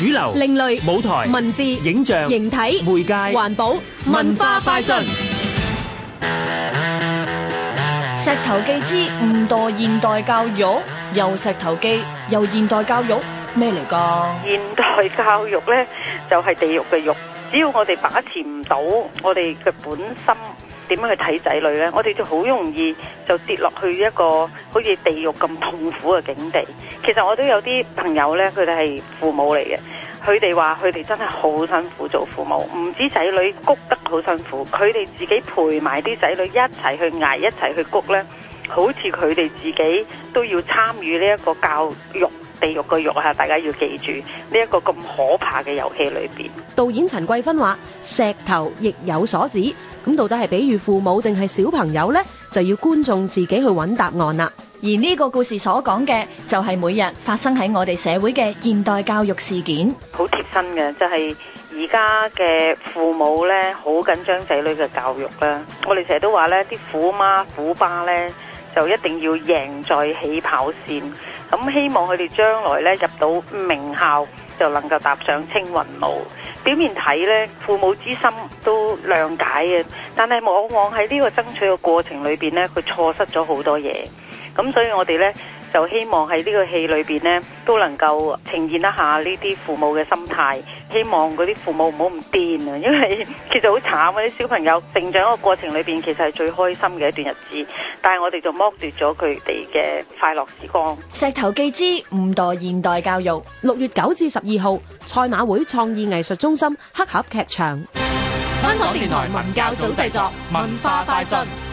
主流、另類舞台、文字、影像、形體、媒介、環保、文化快訊。石頭記之誤墮現代教育，又石頭記，又現代教育咩嚟噶？現代教育咧，就係地獄嘅獄。只要我哋把持唔到，我哋嘅本心，點樣去睇仔女呢？我哋就好容易就跌落去一個好似地獄咁痛苦嘅境地。其實我都有啲朋友呢，佢哋係父母嚟嘅，佢哋話佢哋真係好辛苦做父母，唔止仔女谷得好辛苦，佢哋自己陪埋啲仔女一齊去捱，一齊去谷呢，好似佢哋自己都要參與呢一個教育。地獄個獄吓，大家要記住呢一個咁可怕嘅遊戲裏邊。導演陳桂芬話：石頭亦有所指，咁到底係比喻父母定係小朋友咧？就要觀眾自己去揾答案啦。而呢個故事所講嘅就係每日發生喺我哋社會嘅現代教育事件，好貼身嘅，就係而家嘅父母咧好緊張仔女嘅教育啦。我哋成日都話咧，啲虎媽虎爸咧就一定要贏在起跑線。咁希望佢哋將來咧入到名校就能夠踏上青雲路。表面睇咧，父母之心都諒解嘅，但係往往喺呢個爭取嘅過程裏邊咧，佢錯失咗好多嘢。咁所以我哋咧就希望喺呢個戲裏邊咧都能夠呈現一下呢啲父母嘅心態，希望嗰啲父母唔好咁癲啊！因為其實好慘啊，啲小朋友成長嗰個過程裏邊其實係最開心嘅一段日子，但係我哋就剝奪咗佢哋嘅快樂時光。《石頭記之五代現代教育》，六月九至十二號，賽馬會創意藝術中心黑盒劇場。香港電台文教組製作，文化快訊。